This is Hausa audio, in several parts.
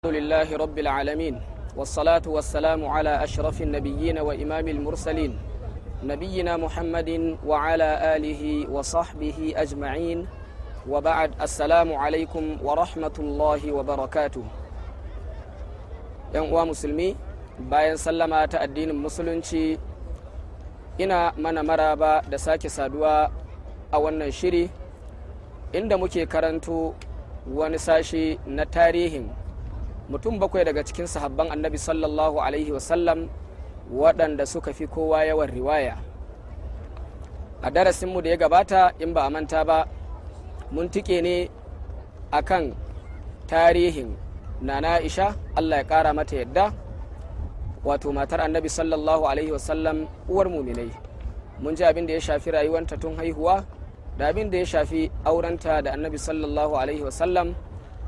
الحمد لله رب العالمين والصلاة والسلام على أشرف النبيين وإمام المرسلين نبينا محمد وعلى آله وصحبه أجمعين وبعد السلام عليكم ورحمة الله وبركاته ينقوى مسلمي bayan sallama ta addinin musulunci ina mana maraba da sake saduwa a wannan shiri inda muke karanto wani sashi na tarihin mutum bakwai daga cikin sahabban annabi sallallahu alaihi wasallam waɗanda suka fi kowa yawan riwaya a darasinmu da ya gabata in ba a manta ba mun tike ne a kan tarihin nana naisha allah ya kara mata yadda wato matar annabi sallallahu alaihi wasallam uwar muminai mun ji abin da ya shafi rayuwanta tun haihuwa da abin da ya shafi aurenta da annabi sallallahu alaihi wasallam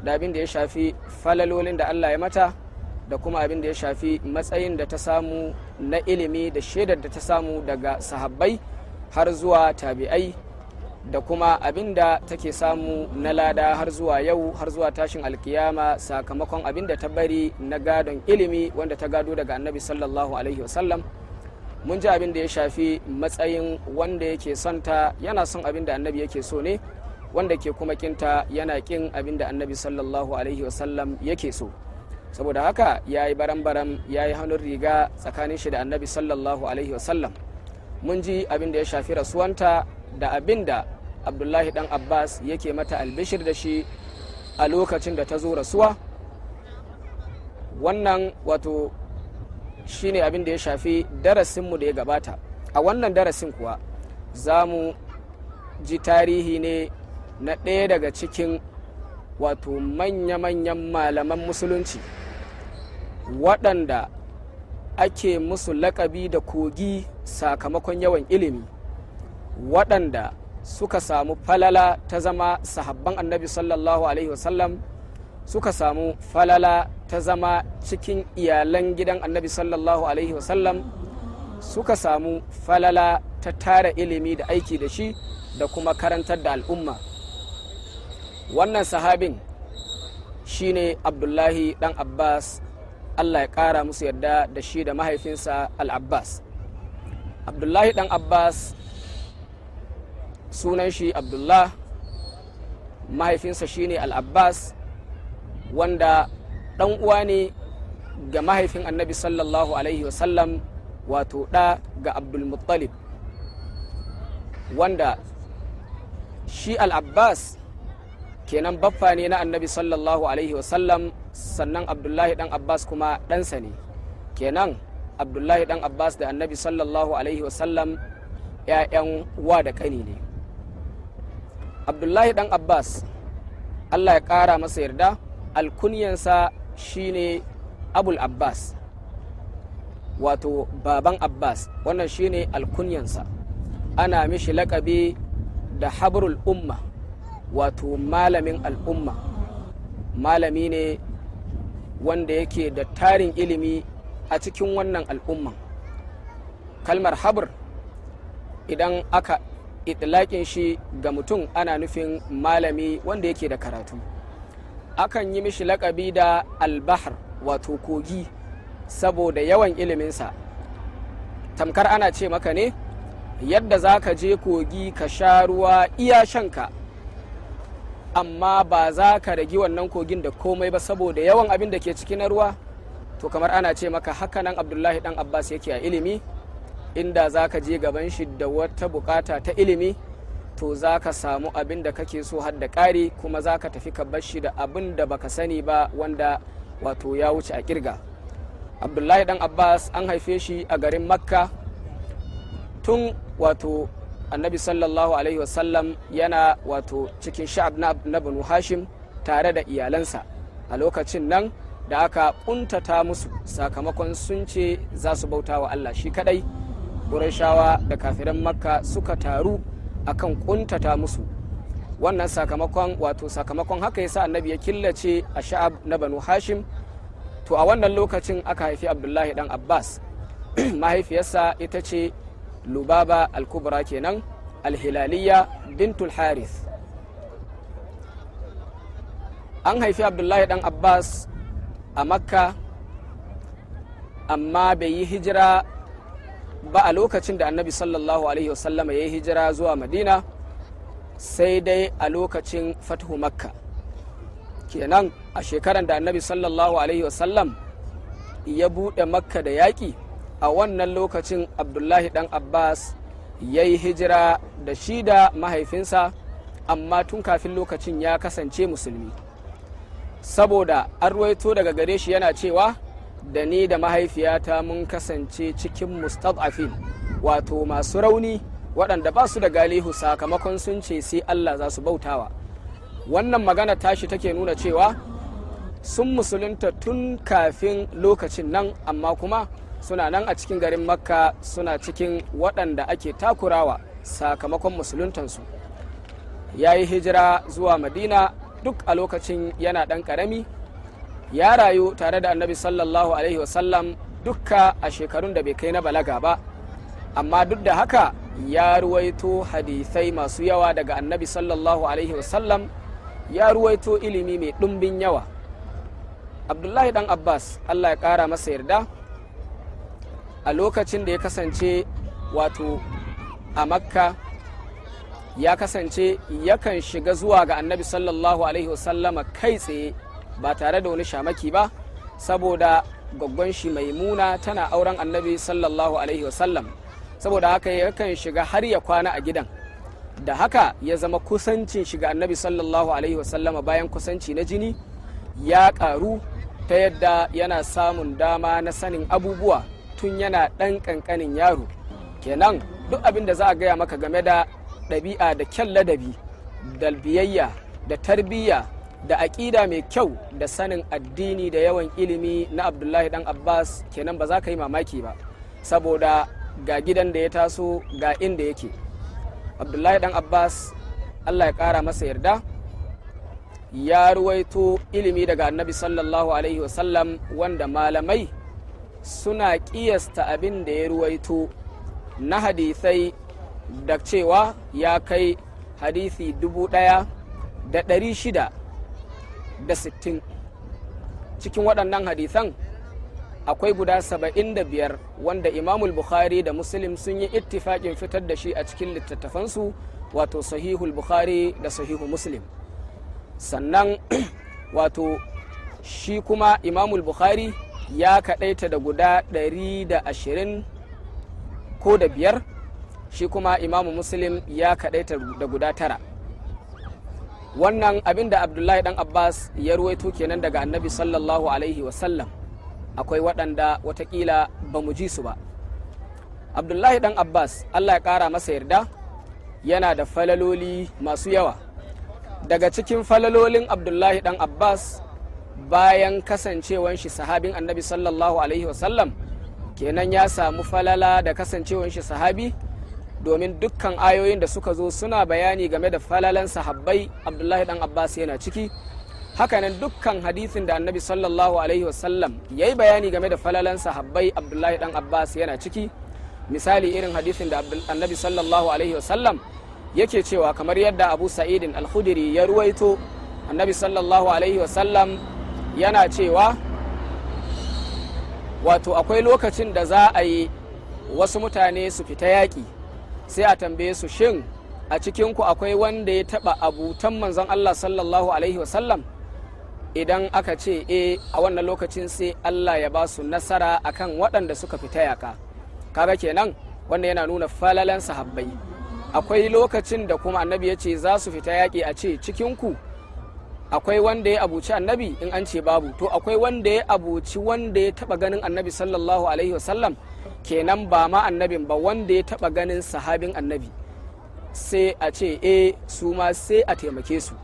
da abin da ya shafi falalolin da Allah ya mata da kuma abin da ya shafi matsayin da ta samu na ilimi da shaidar da ta samu daga sahabbai har zuwa tabi'ai da kuma abin da take samu na lada har zuwa yau har zuwa tashin alkiyama sakamakon abin da ta bari na gadon ilimi wanda ta gado daga annabi sallallahu alaihi wasallam mun ji abin da ya shafi matsayin wanda yake son ta yana son abin da annabi yake so ne wanda ke kuma kinta yana kin abin da annabi sallallahu alaihi wasallam yake so saboda haka ya yi baram-baram ya yi hannun riga tsakanin shi da annabi sallallahu alaihi wasallam mun ji abin da ya shafi rasuwanta da abin da abdullahi dan abbas yake mata albishir da shi a lokacin da ta zo rasuwa wannan wato shi ne abin da ya shafi darasinmu da ya gabata a wannan darasin kuwa za mu ji tarihi ne na ɗaya daga cikin wato manya-manyan malaman musulunci waɗanda ake musu lakabi da kogi sakamakon yawan ilimi waɗanda suka samu falala ta zama sahabban annabi sallallahu alaihi wasallam suka samu falala ta zama cikin iyalan gidan annabi sallallahu alaihi wasallam suka samu falala ta tara ilimi da aiki da shi da kuma karantar da al'umma wannan sahabin shine abdullahi dan abbas allah ya kara musu yadda da shi da mahaifinsa al-abbas abdullahi dan abbas sunan shi abdullah mahaifinsa shine al-abbas wanda dan uwa ne ga mahaifin annabi sallallahu alaihi wasallam wato ɗa ga abdulmuttalib wanda shi al-abbas kenan baffa ne na annabi sallallahu alaihi wasallam sannan abdullahi dan abbas kuma ɗansa ne kenan abdullahi dan abbas da annabi sallallahu alaihi wasallam ‘ya'yan wa da kani ne abdullahi dan abbas allah ya ƙara masa yarda alkunyansa shine abul abbas wato baban abbas wannan shine alkunyansa ana mishi laƙabi da habrul umma wato malamin al'umma malami ne wanda yake da tarin ilimi a cikin wannan al'umma kalmar habr idan aka itlaƙin shi ga mutum ana nufin malami wanda yake da karatu akan yi mishi lakabi da albahar wato kogi saboda yawan iliminsa tamkar ana ce maka ne yadda za ka je kogi ka sha ruwa iya shanka amma ba za ka ragi wannan kogin da komai ba saboda yawan abin da ke ciki na ruwa to kamar ana ce maka haka nan abdullahi dan abbas yake a ilimi inda za ka je gaban shi da wata bukata ta ilimi to za ka samu abin da kake so har da kari kuma za ka tafi ka bar shi da abin da baka sani ba wanda wato ya wuce a kirga abdullahi dan abbas an haife shi a garin makka tun wato annabi sallallahu alaihi wasallam yana wato cikin sha'ab na banu hashim tare da iyalansa a lokacin nan da aka kuntata musu sakamakon sun ce za su bauta wa allah shi kadai shawa da kafiran makka suka taru akan kuntata musu wannan sakamakon wato sakamakon haka yasa annabi ya killace a sha'ab na banu hashim to a wannan lokacin aka haifi abdullahi dan abbas mahaifiyarsa ita ce lubaba al-kubra kenan alhilaliya bintul haris an haifi abdullahi dan abbas a makka amma bai yi hijira ba a lokacin da annabi sallallahu alaihi wasallama ya yi hijira zuwa madina sai dai a lokacin fathu makka kenan a shekaran da annabi sallallahu alaihi wasallam ya buɗe makka da yaƙi a wannan lokacin abdullahi dan abbas ya yi hijira da shi da mahaifinsa amma tun kafin lokacin ya kasance musulmi saboda arwaito daga gare shi yana cewa da ni da mahaifiyata mun kasance cikin mustad'afin wato masu rauni waɗanda ba su da galihu sakamakon sun ce sai allah za su bautawa wannan magana tashi take nuna cewa sun musulunta tun kafin lokacin nan amma kuma suna nan a cikin garin makka suna cikin waɗanda ake takurawa sakamakon musuluntansu ya yi hijira zuwa madina duk a lokacin yana ɗan ƙarami ya rayu tare da annabi sallallahu alaihi wasallam dukka a shekarun da bai kai na balaga ba amma duk da haka ya ruwaito hadisai masu yawa daga annabi sallallahu alaihi wasallam ya ruwaito ilimi mai ɗumbin yawa abdullahi dan abbas allah ya ƙara masa yarda a lokacin da ya kasance wato a makka ya kasance yakan shiga zuwa ga annabi sallallahu alaihi wasallama kai tsaye ba tare da wani shamaki ba saboda gwaggon shi mai muna tana auren annabi sallallahu alaihi wasallam saboda haka yakan shiga har ya kwana a gidan da haka ya zama kusancin shiga annabi sallallahu alaihi wasallama bayan kusanci na jini ya karu ta yadda yana samun dama na sanin abubuwa tun yana ɗan ƙanƙanin yaro kenan duk abin da za a gaya maka game da ɗabi'a da kyan ladabi da biyayya da tarbiyya da aƙida mai kyau da sanin addini da yawan ilimi na abdullahi dan abbas kenan ba za ka yi mamaki ba saboda ga gidan da ya taso ga inda yake abdullahi dan abbas allah ya ƙara masa yarda ya ruwaito ilimi daga annabi sallallahu alaihi wasallam wanda malamai suna ƙiyasta abin da ya ruwaito na hadisai da cewa ya kai hadisi dubu ɗaya da ɗari shida da sittin cikin waɗannan hadisan akwai guda saba'in da biyar wanda imamul bukhari da muslim sun yi ittifaƙin fitar da shi a cikin littattafansu wato sahihul bukhari da sahihu muslim sannan wato shi kuma imamul bukhari ya kaɗaita da guda 120 ko da biyar shi kuma imamu muslim ya kaɗaita da guda tara wannan abin da abdullahi dan abbas ya ruwaito kenan daga annabi sallallahu alaihi wasallam akwai waɗanda watakila ba mu ji su ba abdullahi dan abbas allah ya ƙara masa yarda yana da falaloli masu yawa daga cikin falalolin abdullahi dan abbas bayan kasancewan shi sahabin annabi sallallahu alaihi wasallam kenan ya samu falala da kasancewan shi sahabi domin dukkan ayoyin da suka zo suna bayani game da falalan sahabbai abdullahi dan abbas yana ciki hakanan dukkan hadithin da annabi sallallahu alaihi wasallam ya yi bayani game da falalan sahabbai abdullahi dan abbas yana ciki misali irin hadithin da annabi sallallahu alaihi wasallam yake cewa kamar yadda abu sa'idin al ya ruwaito annabi sallallahu alaihi wasallam yana cewa wato akwai lokacin da za a yi wasu mutane su fita yaƙi sai a tambaye su shin a cikinku akwai wanda ya taɓa abutan manzon Allah sallallahu alaihi wasallam idan aka ce e a wannan lokacin sai Allah ya ba su nasara akan waɗanda suka fita yaƙa kaga kenan wanda yana nuna falalan sahabbai akwai lokacin da kuma annabi ya ce za su fita yaƙi a ce cikinku akwai wanda ya abuci annabi in an ce babu to akwai wanda ya abuci wanda ya taba ganin annabi sallallahu alaihi wasallam kenan ba ma annabin ba wanda ya taba ganin sahabin annabi sai a ce e su ma sai a taimake su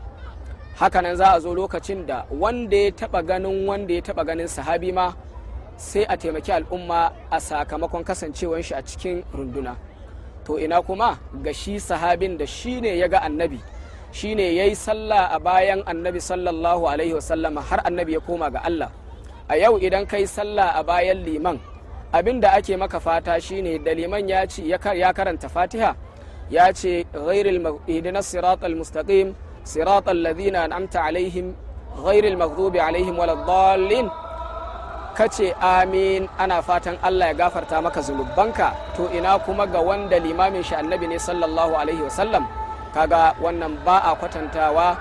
hakanan za a zo lokacin da wanda ya taba ganin wanda ya taba ganin sahabi ma sai a taimaki al'umma a sakamakon kasancewar shi a cikin runduna to ina kuma ga shi sahabin da shi ne ya ga annabi shine yayi sallah a bayan annabi sallallahu alaihi wasallam har annabi ya koma ga Allah a yau idan yi sallah a bayan liman abin da ake maka fata shine da liman ya ce ya karanta fatiha ya ce ghairil ihdinas siratal mustaqim siratal ladina an'amta alaihim ghairil maghdubi alaihim waladdallin ka ce amin ana fatan Allah ya gafarta maka zunubanka to ina kuma ga wanda limamin shi annabi ne sallallahu alaihi wasallam kaga wannan ba a kwatantawa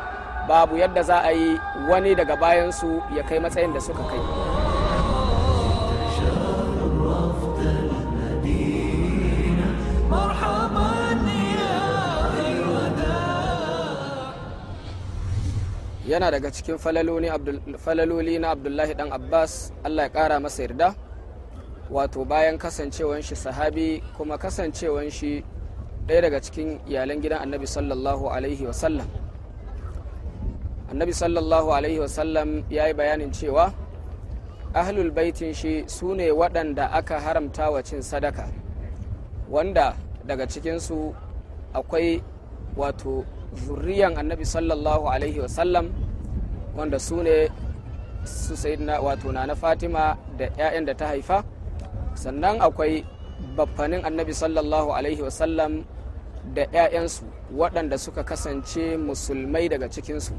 babu yadda za a yi wani daga bayansu ya kai matsayin da suka kai yana daga cikin falaloli na abdullahi dan abbas allah ya kara masa yarda wato bayan kasancewan shi sahabi kuma kasancewan shi ɗaya daga cikin iyalan gidan annabi sallallahu alaihi wasallam annabi sallallahu alaihi wasallam ya yi bayanin cewa ahlul baitin shi su ne waɗanda aka haramta wa cin sadaka wanda daga cikinsu akwai wato zurriyan annabi sallallahu alaihi wasallam wanda su ne su wato na fatima da 'ya'yan da ta haifa sannan akwai baffanin annabi sallallahu alaihi wasallam da 'ya'yansu waɗanda suka kasance musulmai daga cikinsu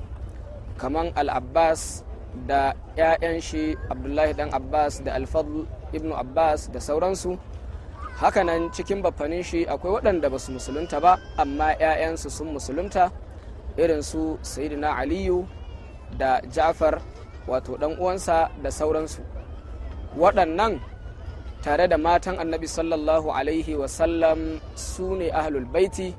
kamar al-abbas da 'ya'yan shi abdullahi dan abbas da alfadl ibnu abbas da sauransu hakanan cikin bafanin shi akwai waɗanda ba su musulunta ba amma 'ya'yansu sun musulunta irin su sayidina aliyu da ja'far wato ɗan uwansa da sauransu waɗannan tare da matan annabi sallallahu alaihi wasallam su ne ahlul baiti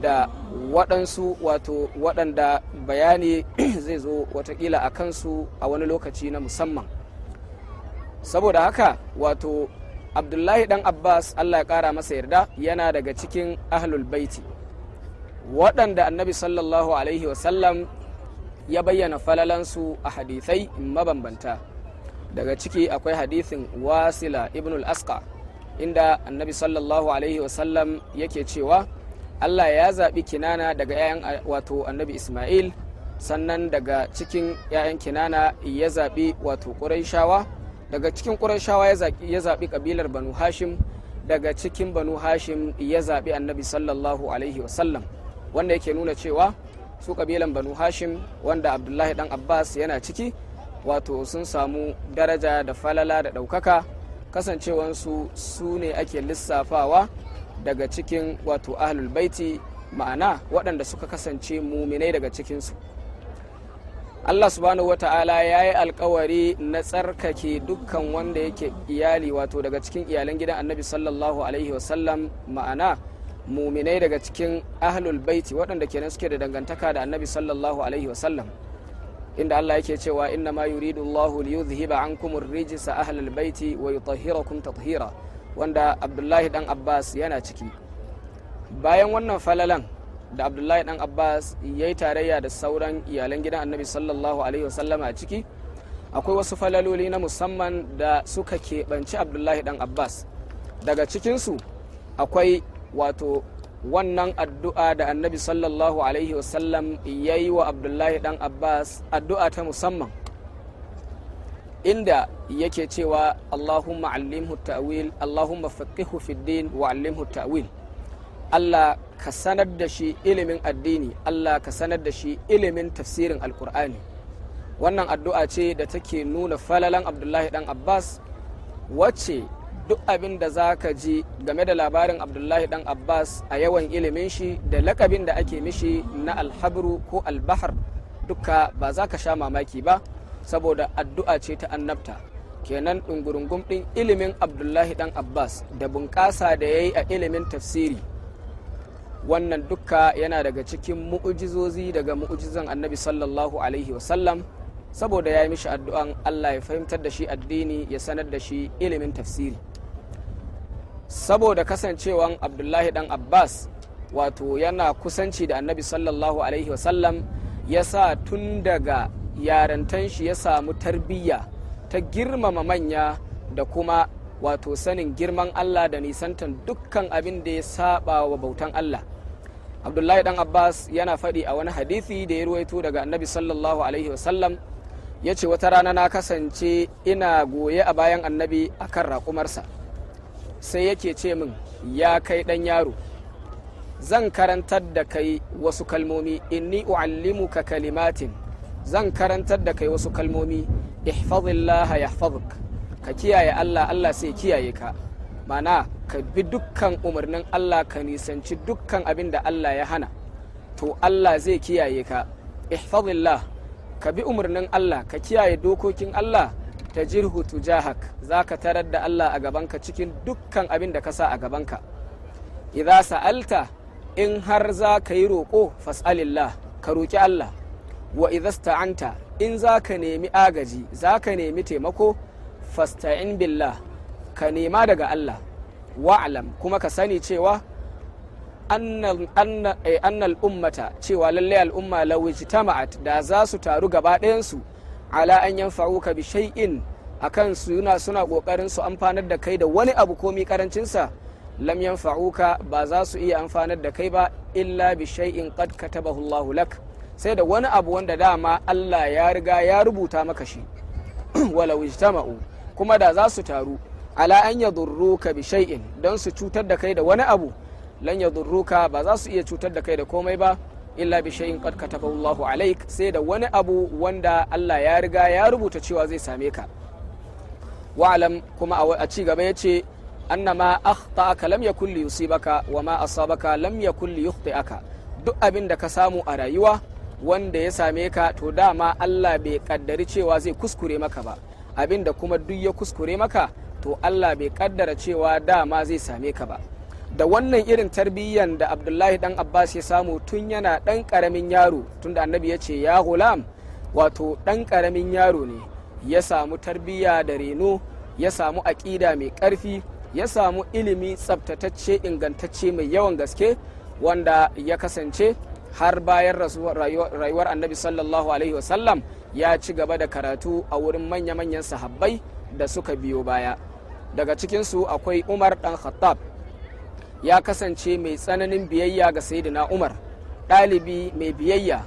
da waɗansu wato waɗanda bayani zai zo watakila a kansu a wani lokaci na musamman saboda haka wato abdullahi dan abbas allah ya ƙara masa yarda yana daga cikin ahlul baiti waɗanda annabi sallallahu alaihi wasallam ya bayyana falalansu a hadithai mabambanta daga ciki akwai hadithin wasila ibn al-asqa inda annabi sallallahu alaihi wasallam yake cewa allah ya zaɓi kinana daga 'ya'yan wato annabi ismail sannan daga cikin 'ya'yan kinana ya zaɓi wato ƙuraishawa daga cikin ƙuraishawa ya zaɓi ƙabilar banu hashim daga cikin banu hashim ya zaɓi annabi sallallahu alaihi wasallam wanda yake nuna cewa su ƙabilan banu hashim wanda abdullahi dan abbas yana ciki wato sun samu daraja da falala da ɗaukaka kasancewansu su ne ake lissafawa daga cikin wato ahlul baiti ma'ana waɗanda suka kasance muminai daga cikinsu allah subhanahu wa ta'ala ya yi alkawari na tsarkake dukkan wanda yake iyali wato daga cikin iyalan gidan annabi sallallahu alaihi wasallam ma'ana muminai daga cikin ahlul baiti waɗanda kenan suke da dangantaka da annabi sallallahu alaihi wasallam inda Allah yake cewa inna ma yuridu Allahu li yuzhiba ankum ar-rijsa ahlal baiti wa yutahhirakum tathira wanda Abdullahi dan Abbas yana ciki bayan wannan falalan da Abdullahi dan Abbas yayi tarayya da sauran iyalan gidan Annabi sallallahu alaihi wasallama a ciki akwai wasu falaloli na musamman da suka keɓanci Abdullahi dan Abbas daga cikinsu akwai wato wannan addu'a da annabi sallallahu alaihi wasallam ya yi wa abdullahi dan abbas addu'a ta musamman inda yake cewa allahumma allimhu ta'wil allahumma faqihu fid wa allimhu ta'wil allah ka sanar da shi ilimin addini allah ka sanar da shi ilimin tafsirin alkur'ani wannan addu'a ce da take nuna falalan abdullahi dan abbas wacce duk abin da za ka ji game da labarin abdullahi dan abbas a yawan ilimin shi da lakabin da ake mishi na alhabru ko albahar duka ba za ka sha mamaki ba saboda addu'a ce ta annabta kenan ɗungurungun ɗin ilimin abdullahi dan abbas da bunƙasa da ya yi a ilimin tafsiri wannan duka yana daga cikin mu'ujizozi daga mu'ujizan annabi sallallahu alaihi wasallam saboda ya yi mishi addu'an allah ya fahimtar da shi addini ya sanar da shi ilimin tafsiri saboda kasancewan abdullahi dan abbas wato yana kusanci da annabi sallallahu alaihi wasallam ya sa tun daga yarantan shi ya samu tarbiyya ta girmama manya da kuma wato sanin girman allah da nisantan dukkan abin da ya saba wa bautan allah abdullahi dan abbas yana faɗi a wani hadithi da ya ruwaito daga annabi sallallahu alaihi wasallam ya ce wata rana na kasance ina goye a bayan annabi akan raƙumarsa sai yake ce min ya kai ɗan yaro zan karantar da kai wasu kalmomi in ni inni ka kalimatin zan karantar da kai wasu kalmomi ihfazillah yahfazuk ka kiyaye Allah Allah sai kiyaye ka mana ka bi dukkan umarnin Allah ka nisanci dukkan abin da Allah ya hana to Allah zai kiyaye ka ihfazillah ka bi umarnin Allah ka kiyaye dokokin Allah ta tajirhu tujahak ka tarar da Allah a gabanka cikin dukkan abin da ka sa a gabanka idza sa'alta in har za ka yi roƙo fas'alillah ka roƙi Allah wa idza sta'anta in za ka nemi agaji za ka nemi taimako fasta'in billah ka nema daga Allah wa'lam kuma ka sani cewa annal eh, ummata cewa lallai al'umma lawijtama'at da za su taru gaba ɗayansu ala an yanfa'uka bi shay'in akan suna suna kokarin su amfanar da kai da wani abu komi karancin sa lam yanfa'uka ba za su iya amfanar da kai ba illa bi shay'in qad katabahu Allahu lak sai da wani abu wanda dama Allah ya riga ya rubuta maka shi walau ijtama'u kuma da za su taru ala an yadurruka bi shay'in don su cutar da kai da wani abu lan yadurruka ba za su iya cutar da kai da komai ba illa bi shay'in qad katabahu Allahu alaik sai da wani abu wanda Allah ya riga ya rubuta cewa zai same ka wa'lam kuma a ci gaba yace annama akhta'aka lam yakul li yusibaka wa ma asabaka lam yakul li yukhti'aka duk abin da ka samu a rayuwa wanda ya same ka to dama Allah bai kaddari cewa zai kuskure maka ba abin da kuma duk ya kuskure maka to Allah bai kaddara cewa dama zai same ka ba da wannan irin tarbiyyan da abdullahi dan abbas ya samu tun yana dan karamin yaro tun da annabi ya ce ya hulam wato dan karamin yaro ne ya samu tarbiyya da reno ya samu aƙida mai ƙarfi ya samu ilimi tsabtatacce ingantacce mai yawan gaske wanda ya kasance har bayan rayuwar annabi sallallahu alaihi wasallam ya ci gaba da karatu a wurin manya-manyan sahabbai da suka biyo baya daga cikinsu akwai umar dan khattab ya kasance mai tsananin biyayya ga na umar ɗalibi mai biyayya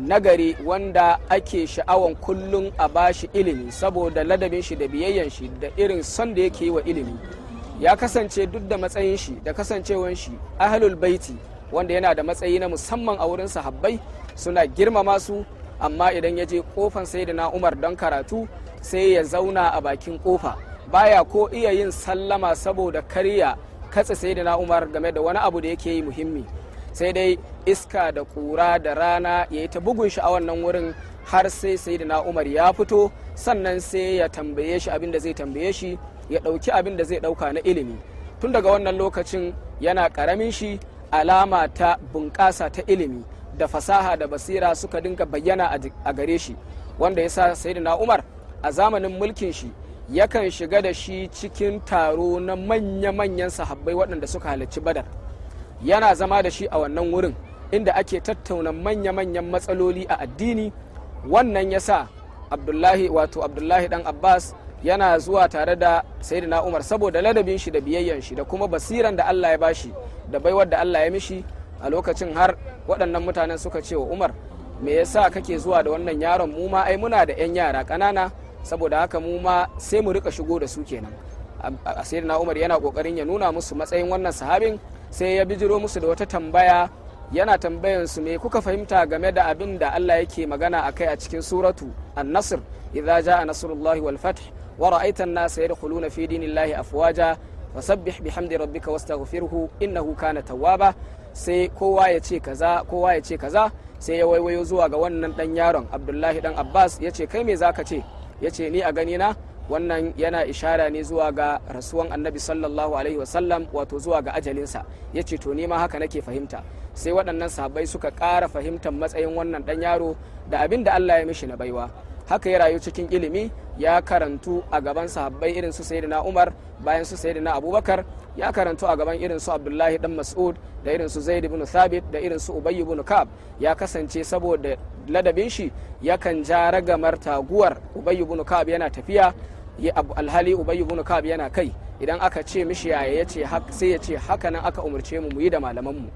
nagari wanda ake sha'awan kullum a bashi ilimi saboda ladabin shi da biyayyan shi da irin son da yake yi wa ilimi ya kasance duk da matsayin shi da kasancewan shi ahalul baiti wanda yana da matsayi na musamman a wurin sahabbai suna girmama su amma idan ya je kofan na umar don karatu sai ya zauna a bakin kofa baya ko iya yin sallama saboda kariya. katse na umar game da wani abu da yake yi muhimmi sai dai iska da kura da rana ya yi ta bugun shi a wannan wurin har sai na umar ya fito sannan sai ya tambaye shi abin da zai tambaye shi ya ɗauki abin da zai ɗauka na ilimi tun daga wannan lokacin yana ƙaramin shi alama ta bunƙasa ta ilimi da fasaha da basira suka dinga bayyana a gare shi wanda ya sa na umar a zamanin mulkin shi yakan shiga da shi cikin taro na manya-manyan sahabbai waɗanda suka halarci badar yana zama da shi a wannan wurin inda ake tattauna manya-manyan matsaloli a addini wannan ya sa abdullahi wato abdullahi dan abbas yana zuwa tare da sayyidina umar saboda ladabin shi da biyayyan shi da kuma basiran da allah ya bashi da baiwar da allah ya mishi a lokacin har waɗannan mutanen suka ce wa umar me yasa kake zuwa da wannan yaron mu ma ai muna da 'yan yara ƙanana saboda haka mu ma sai mu rika shigo da su kenan a sayyidina umar yana kokarin ya nuna musu matsayin wannan sahabin sai ya bijiro musu da wata tambaya yana tambayan su me kuka fahimta game da abin da Allah yake magana akai a cikin suratu an-nasr idza jaa nasrullahi wal fath wa ra'aita an-nasa yadkhuluna fi dinillahi afwaja fasabbih bihamdi rabbika wastaghfirhu innahu kana tawwaba sai kowa ya ce kaza kowa ya ce kaza sai ya waiwayo zuwa ga wannan dan yaron Abdullahi dan Abbas ya ce kai me zaka ce ya ce ni a ganina wannan yana ishara ne zuwa ga rasuwan annabi sallallahu alaihi wasallam wato zuwa ga ajalinsa ya ce to nima haka nake fahimta sai waɗannan sahabbai suka ƙara fahimtar matsayin wannan ɗan yaro da abin da allah ya mishi na baiwa haka ya rayu cikin ilimi ya karantu a gaban sahabbai irin su sayyidina umar bayan su na abubakar ya karantu a gaban irin su abdullahi dan mas'ud da irin su zaid ibn thabit da irin su ubay ibn kab ya kasance saboda ladabin shi yakan ja ragamar taguwar ubayyu ibn kab yana tafiya ya alhali ubay ibn kab yana kai idan aka ce mishi yaya yace sai ya ce haka nan aka umarce mu mu yi da malaman mu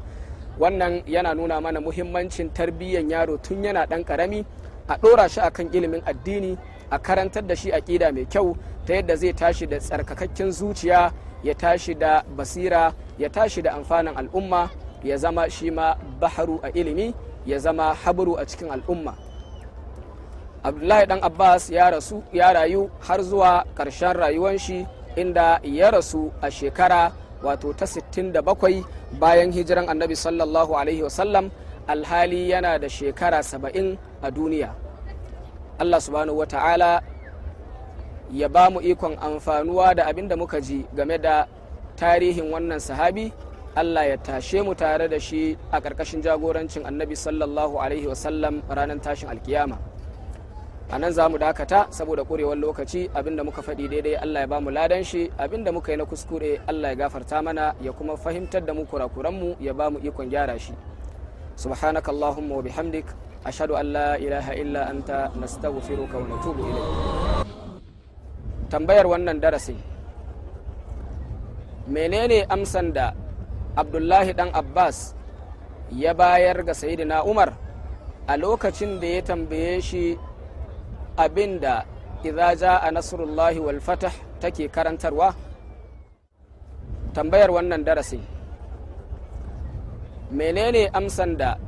wannan yana nuna mana muhimmancin tarbiyyar yaro tun yana dan karami a ɗora shi akan ilimin addini a karantar da shi aƙida mai kyau ta yadda zai tashi da tsarkakakken zuciya ya tashi da basira ya tashi da amfanin al'umma ya zama shi ma baharu a ilimi ya zama habaru a cikin al'umma abdullahi dan abbas ya rasu ya rayu har zuwa ƙarshen rayuwan shi inda ya rasu a shekara wato ta 67 bayan hijiran annabi sallallahu alaihi wasallam alhali yana da shekara 70 a duniya Allah subhanahu wa ta'ala ya ba mu ikon amfanuwa da abin da muka ji game da tarihin wannan sahabi Allah ya tashe mu tare da shi a ƙarƙashin jagorancin annabi sallallahu alaihi wasallam ranar tashin alkiyama a nan za mu dakata saboda ƙurewar lokaci abin da muka faɗi daidai Allah ya ba mu ladan shi abin da muka yi na kuskure Allah ya gafarta mana ya kuma fahimtar da mu kurakuranmu ya ba mu ikon gyara shi subhanakallahumma wa bihamdik ashadu an la ilaha illa anta nastaghfiruka wa natubu ilayk tambayar wannan darasin menene amsan da abdullahi dan abbas ya bayar ga sayidina umar a lokacin da ya tambaye shi abin da idza jaa nasrullahi wal fatah take karantarwa tambayar wannan darasin menene amsan da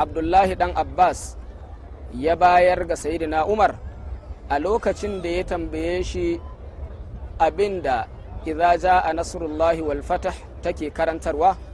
abdullahi dan abbas ya bayar ga sayidina umar a lokacin da ya tambaye shi abinda da a nasrullahi walfatah take karantarwa